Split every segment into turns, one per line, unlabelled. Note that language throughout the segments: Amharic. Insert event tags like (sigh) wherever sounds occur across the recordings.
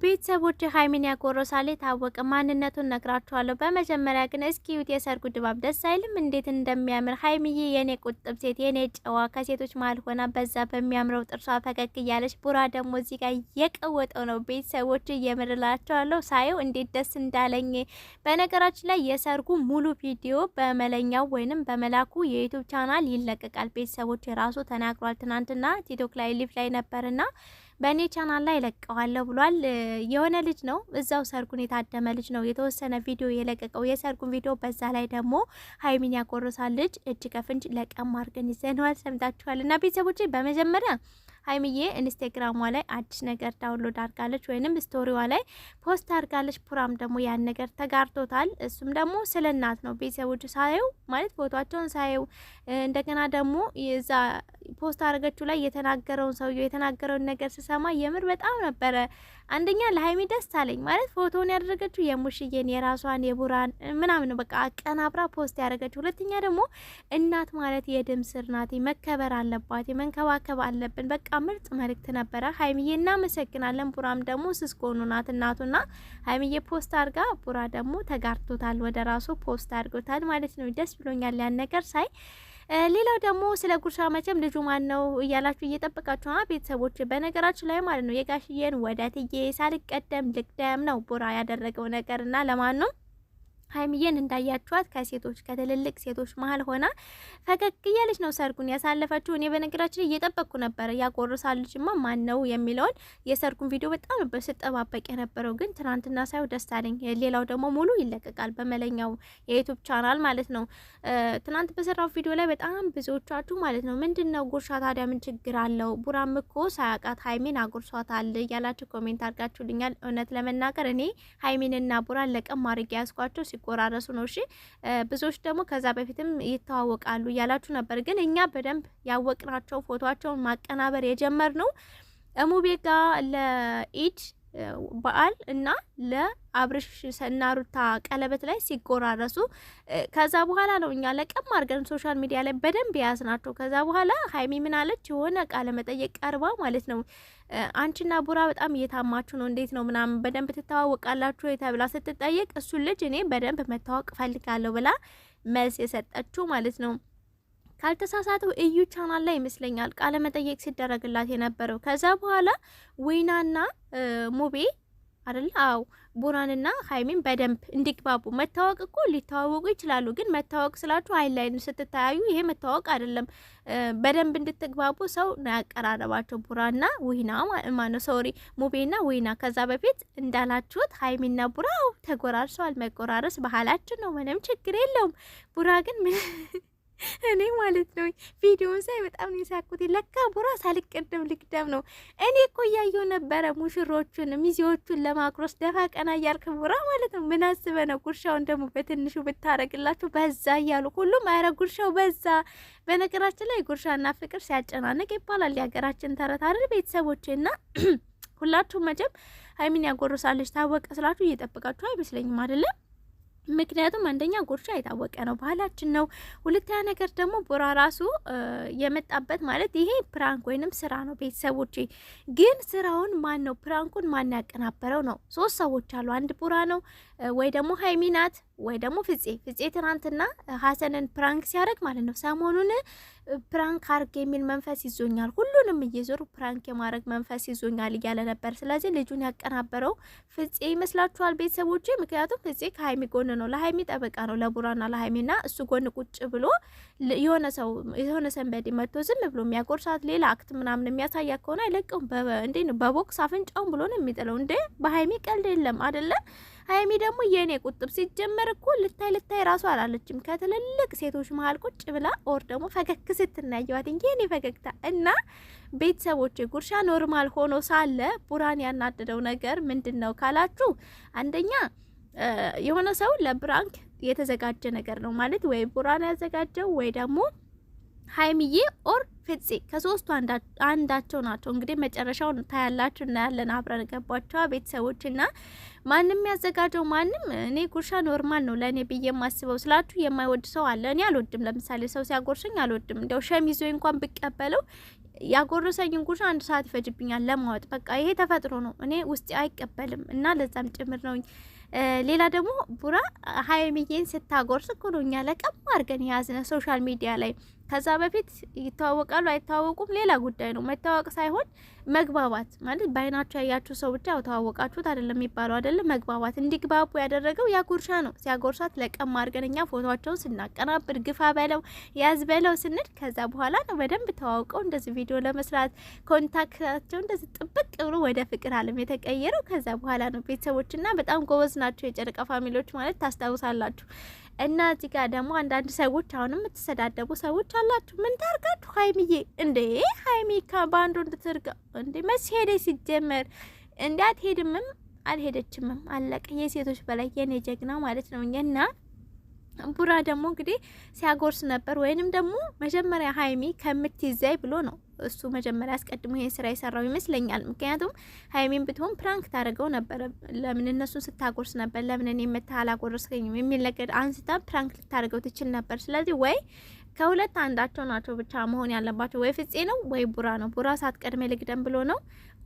ቤተሰቦች ሀይሚን ያጎረሳሌ ታወቀ ማንነቱን ነግራችኋለሁ። በመጀመሪያ ግን እስኪ ዩት የሰርጉ ድባብ ደስ አይልም? እንዴት እንደሚያምር ሀይሚዬ፣ የኔ ቁጥብ ሴት፣ የኔ ጨዋ፣ ከሴቶች መሀል ሆና በዛ በሚያምረው ጥርሷ ፈገግ እያለች፣ ቡራ ደግሞ እዚህ ጋር እየቀወጠው ነው። ቤተሰቦች እየምርላቸዋለሁ ሳየው እንዴት ደስ እንዳለኝ። በነገራችን ላይ የሰርጉ ሙሉ ቪዲዮ በመለኛው ወይንም በመላኩ የዩቱብ ቻናል ይለቀቃል። ቤተሰቦች የራሱ ተናግሯል። ትናንትና ቲቶክ ላይ ሊፍ ላይ ነበርና በእኔ ቻናል ላይ ለቀዋለሁ ብሏል። የሆነ ልጅ ነው እዛው ሰርጉን የታደመ ልጅ ነው የተወሰነ ቪዲዮ የለቀቀው የሰርጉን ቪዲዮ። በዛ ላይ ደግሞ ሀይሚን ያጎረሳል ልጅ እጅ ከፍንጅ ለቀም አድርገን ይዘነዋል። ሰምታችኋል። እና ቤተሰቦች በመጀመሪያ ሀይሚዬ ኢንስታግራሟ ላይ አዲስ ነገር ዳውንሎድ አድርጋለች፣ ወይንም ስቶሪዋ ላይ ፖስት አድርጋለች። ፑራም ደግሞ ያን ነገር ተጋርቶታል። እሱም ደግሞ ስለ እናት ነው ቤተሰቦቹ ሳየው ማለት ፎቶቸውን ሳየው እንደገና ደግሞ የዛ ፖስት አድርገችው ላይ የተናገረውን ሰውየው የተናገረውን ነገር ስሰማ የምር በጣም ነበረ። አንደኛ ለሀይሚ ደስ አለኝ ማለት ፎቶውን ያደረገችው የሙሽዬን የራሷን የቡራን ምናምን በቃ አቀናብራ ፖስት ያደረገችው። ሁለተኛ ደግሞ እናት ማለት የደም ስር ናት፣ መከበር አለባት፣ መንከባከብ አለብን። በቃ ምርጥ መልእክት ነበረ። ሀይሚዬ እናመሰግናለን። ቡራም ደግሞ ስስኮኑ ናት እናቱና ሀይሚዬ ፖስት አድርጋ ቡራ ደግሞ ተጋርቶታል፣ ወደ ራሱ ፖስት አድርጎታል ማለት ነው። ደስ ብሎኛል ያን ነገር ሳይ ሌላው ደግሞ ስለ ጉርሻ መቼም ልጁ ማን ነው እያላችሁ እየጠበቃችሁ ቤተሰቦች፣ በነገራችን ላይ ማለት ነው የጋሽዬን ወዳትዬ ሳልቀደም ልቅደም ነው ቡራ ያደረገው ነገር እና ለማን ነው ሀይሚዬን እንዳያችኋት ከሴቶች ከትልልቅ ሴቶች መሀል ሆና ፈገግ እያለች ነው ሰርጉን ያሳለፈችው። እኔ በነገራችን ላይ እየጠበቅኩ ነበረ ያጎርሳል ልጅማ ማን ነው የሚለውን የሰርጉን ቪዲዮ በጣም ነበር ስጠባበቅ የነበረው፣ ግን ትናንትና ሳይው ደስ አለኝ። ሌላው ደግሞ ሙሉ ይለቀቃል በመለኛው የዩቱብ ቻናል ማለት ነው። ትናንት በሰራው ቪዲዮ ላይ በጣም ብዙዎቻችሁ ማለት ነው ምንድን ነው ጉርሻ ታዲያ ምን ችግር አለው? ቡራም እኮ ሳያውቃት ሀይሚን አጉርሷታል እያላችሁ ኮሜንት አድርጋችሁልኛል። እውነት ለመናገር እኔ ሀይሚንና ቡራን ለቀም አድርጌ ያስኳቸው እንዲቆራረሱ ነው። እሺ ብዙዎች ደግሞ ከዛ በፊትም ይተዋወቃሉ እያላችሁ ነበር፣ ግን እኛ በደንብ ያወቅናቸው ፎቶቸውን ማቀናበር የጀመር እሙቤ ጋ ለኢድ በዓል እና ለአብርሽ ሰናሩታ ቀለበት ላይ ሲጎራረሱ ከዛ በኋላ ነው እኛ ለቀም አድርገን ሶሻል ሚዲያ ላይ በደንብ የያዝ ናቸው። ከዛ በኋላ ሀይሚ ምናለች የሆነ ቃለ መጠየቅ ቀርባ ማለት ነው አንቺና ቡራ በጣም እየታማችሁ ነው፣ እንዴት ነው ምናምን በደንብ ትተዋወቃላችሁ የተብላ ስትጠየቅ እሱን ልጅ እኔ በደንብ መታወቅ ፈልጋለሁ ብላ መልስ የሰጠችው ማለት ነው። ካልተሳሳተው እዩ ቻናል ላይ ይመስለኛል ቃለ መጠየቅ ሲደረግላት የነበረው። ከዛ በኋላ ዊናና ሙቤ አይደል? አዎ ቡራንና ሀይሜን በደንብ እንዲግባቡ መታወቅ እኮ ሊተዋወቁ ይችላሉ። ግን መታወቅ ስላችሁ አይን ስትታያዩ ይሄ መታወቅ አይደለም። በደንብ እንድትግባቡ ሰው ነው ያቀራረባቸው ቡራና ውሂና ማነ ሶሪ ሙቤና ውሂና። ከዛ በፊት እንዳላችሁት ሀይሚና ቡራ ተጎራርሰዋል። መቆራረስ ባህላችን ነው፣ ምንም ችግር የለውም። ቡራ ግን እኔ ማለት ነው ቪዲዮን ሳይ በጣም ነው የሳኩት። ለካ ቡራ ሳልቀደም ልቅደም ነው። እኔ እኮ እያየው ነበረ ሙሽሮቹን ሚዜዎቹን ለማክሮስ ደፋ ቀና እያልክ ቡራ ማለት ነው። ምን አስበህ ነው? ጉርሻውን ደግሞ በትንሹ ብታረግላችሁ በዛ እያሉ ሁሉም አረ ጉርሻው በዛ። በነገራችን ላይ ጉርሻና ፍቅር ሲያጨናነቅ ይባላል የሀገራችን ተረት አይደል ቤተሰቦቼ እና (clears throat) ሁላችሁ መቼም ሀይሚን ያጎረሳለች ታወቀ ስላችሁ እየጠበቃችሁ አይመስለኝም አይደለም ምክንያቱም አንደኛ ጉርሻ የታወቀ ነው፣ ባህላችን ነው። ሁለተኛ ነገር ደግሞ ቡራ ራሱ የመጣበት ማለት ይሄ ፕራንክ ወይንም ስራ ነው። ቤተሰቦቼ ግን ስራውን ማን ነው ፕራንኩን ማን ያቀናበረው ነው? ሶስት ሰዎች አሉ። አንድ ቡራ ነው ወይ ደግሞ ሀይሚ ናት ወይ ደግሞ ፍፄ ፍፄ ትናንትና ሀሰንን ፕራንክ ሲያደርግ ማለት ነው። ሰሞኑን ፕራንክ አርግ የሚል መንፈስ ይዞኛል፣ ሁሉንም እየዞሩ ፕራንክ የማድረግ መንፈስ ይዞኛል እያለ ነበር። ስለዚህ ልጁን ያቀናበረው ፍፄ ይመስላችኋል ቤተሰቦች? ምክንያቱም ፍፄ ከሀይሚ ጎን ነው፣ ለሀይሚ ጠበቃ ነው፣ ለቡራና ለሀይሚና እሱ ጎን ቁጭ ብሎ የሆነ ሰው የሆነ ሰንበዴ መጥቶ ዝም ብሎ የሚያጎርሳት ሌላ አክት ምናምን የሚያሳያ ከሆነ አይለቀውም። እንዴ ነው በቦክስ አፍንጫውን ብሎ ነው የሚጥለው። እንዴ በሀይሚ ቀልድ የለም አደለም ሀይሚ ደግሞ የእኔ ቁጥብ ሲጀመር እኮ ልታይ ልታይ ራሱ አላለችም። ከትልልቅ ሴቶች መሀል ቁጭ ብላ ኦር ደግሞ ፈገግ ስትናየዋት እንጂ የእኔ ፈገግታ እና ቤተሰቦች ጉርሻ ኖርማል ሆኖ ሳለ ቡራን ያናደደው ነገር ምንድን ነው ካላችሁ፣ አንደኛ የሆነ ሰው ለብራንክ የተዘጋጀ ነገር ነው ማለት ወይ ቡራን ያዘጋጀው ወይ ደግሞ ሀይሚዬ ኦር ፍፄ ከሶስቱ አንዳቸው ናቸው። እንግዲህ መጨረሻውን ታያላችሁ፣ እናያለን አብረን። ቤተሰቦች ና ማንም ያዘጋጀው ማንም እኔ ጉርሻ ኖርማል ነው ለእኔ ብዬ የማስበው ስላችሁ፣ የማይወድ ሰው አለ። እኔ አልወድም። ለምሳሌ ሰው ሲያጎርሰኝ አልወድም። እንዲያው ሸሚዞ እንኳን ብቀበለው ያጎረሰኝን ጉርሻ አንድ ሰዓት ይፈጅብኛል ለማወጥ። በቃ ይሄ ተፈጥሮ ነው፣ እኔ ውስጤ አይቀበልም እና ለዛም ጭምር ነው። ሌላ ደግሞ ቡራ ሀይሚዬን ስታጎርስ እኮ ነው እኛ ለቀም አድርገን የያዝነ ሶሻል ሚዲያ ላይ ከዛ በፊት ይተዋወቃሉ አይተዋወቁም፣ ሌላ ጉዳይ ነው። መተዋወቅ ሳይሆን መግባባት ማለት በአይናችሁ ያያችሁ ሰው ብቻ ተዋወቃችሁት አይደለም የሚባለው አይደለም። መግባባት እንዲግባቡ ያደረገው ያ ጉርሻ ነው። ሲያጎርሳት ለቀም አድርገን እኛ ፎቶቸውን ስናቀናብር ግፋ በለው ያዝ በለው ስንል ከዛ በኋላ ነው በደንብ ተዋውቀው እንደዚህ ቪዲዮ ለመስራት ኮንታክታቸው እንደዚህ ጥብቅ ብሎ ወደ ፍቅር አለም የተቀየረው ከዛ በኋላ ነው። ቤተሰቦችና በጣም ጎበዝ ናቸው የጨረቃ ፋሚሊዎች ማለት ታስታውሳላችሁ። እና እዚህ ጋር ደግሞ አንዳንድ ሰዎች አሁን የምትሰዳደቡ ሰዎች አላችሁ። ምን ታርጋችሁ ሀይሚዬ እንዴ ሀይሚ ከባንዱ እንድትርጋ እንዴ መስሄደ ሲጀመር እንዲ አትሄድምም አልሄደችምም። አለቀ። የሴቶች በላይ የኔ ጀግና ማለት ነው እና ቡራ ደግሞ እንግዲህ ሲያጎርስ ነበር ወይንም ደግሞ መጀመሪያ ሀይሚ ከምትይዘይ ብሎ ነው እሱ መጀመሪያ አስቀድሞ ይሄን ስራ የሰራው ይመስለኛል። ምክንያቱም ሀይሜን ብትሆን ፕራንክ ታደርገው ነበረ። ለምን እነሱን ስታጎርስ ነበር፣ ለምን እኔ መታ አላጎረስከኝም የሚል ነገር አንስታ ፕራንክ ልታደርገው ትችል ነበር። ስለዚህ ወይ ከሁለት አንዳቸው ናቸው ብቻ መሆን ያለባቸው፣ ወይ ፍጼ ነው ወይ ቡራ ነው። ቡራ ሰዓት ቀድሜ ብሎ ነው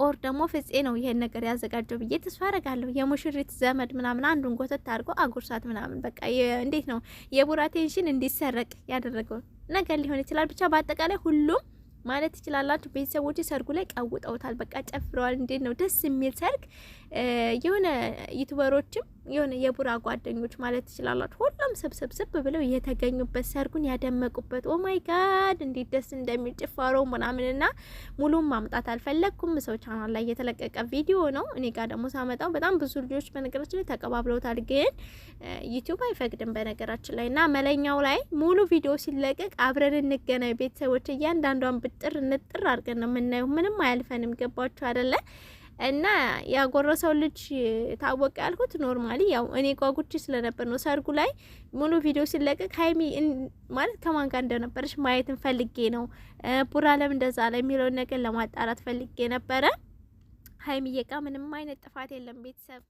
ኦር ደግሞ ፍፄ ነው ይሄን ነገር ያዘጋጀው ብዬ ተስፋ አረጋለሁ። የሙሽሪት ዘመድ ምናምን አንዱን ጎተት አድርጎ አጉርሳት ምናምን በቃ እንዴት ነው የቡራ ቴንሽን እንዲሰረቅ ያደረገው ነገር ሊሆን ይችላል። ብቻ በአጠቃላይ ሁሉም ማለት ትችላላችሁ። ቤተሰቦች ሰርጉ ላይ ቀውጠውታል፣ በቃ ጨፍረዋል። እንዴት ነው ደስ የሚል ሰርግ የሆነ ዩቱበሮችም የሆነ የቡራ ጓደኞች ማለት ትችላላችሁ። ሁሉም ሰብሰብሰብ ብለው የተገኙበት ሰርጉን ያደመቁበት ኦማይ ጋድ እንዴት ደስ እንደሚል ጭፈሮ ምናምንና ሙሉም ማምጣት አልፈለግኩም። ሰው ቻናል ላይ የተለቀቀ ቪዲዮ ነው። እኔ ጋር ደግሞ ሳመጣው በጣም ብዙ ልጆች በነገራችን ላይ ተቀባብለውታል፣ ግን ዩቲዩብ አይፈቅድም በነገራችን ላይ እና መለኛው ላይ ሙሉ ቪዲዮ ሲለቀቅ አብረን እንገናኝ ቤተሰቦች። እያንዳንዷን ብጥር እንጥር አድርገን ነው የምናየው። ምንም አያልፈንም። ገባችሁ አይደለ? እና ያጎረሰው ልጅ ታወቀ ያልኩት ኖርማሊ ያው እኔ ጓጉቼ ስለነበር ነው። ሰርጉ ላይ ሙሉ ቪዲዮ ሲለቀቅ ሀይሚ ማለት ከማን ጋር እንደነበረች ማየትን ፈልጌ ነው። ቡራ እንደዛ ላይ የሚለውን ነገር ለማጣራት ፈልጌ ነበረ። ሀይሚዬ የቃ ምንም አይነት ጥፋት የለም ቤተሰብ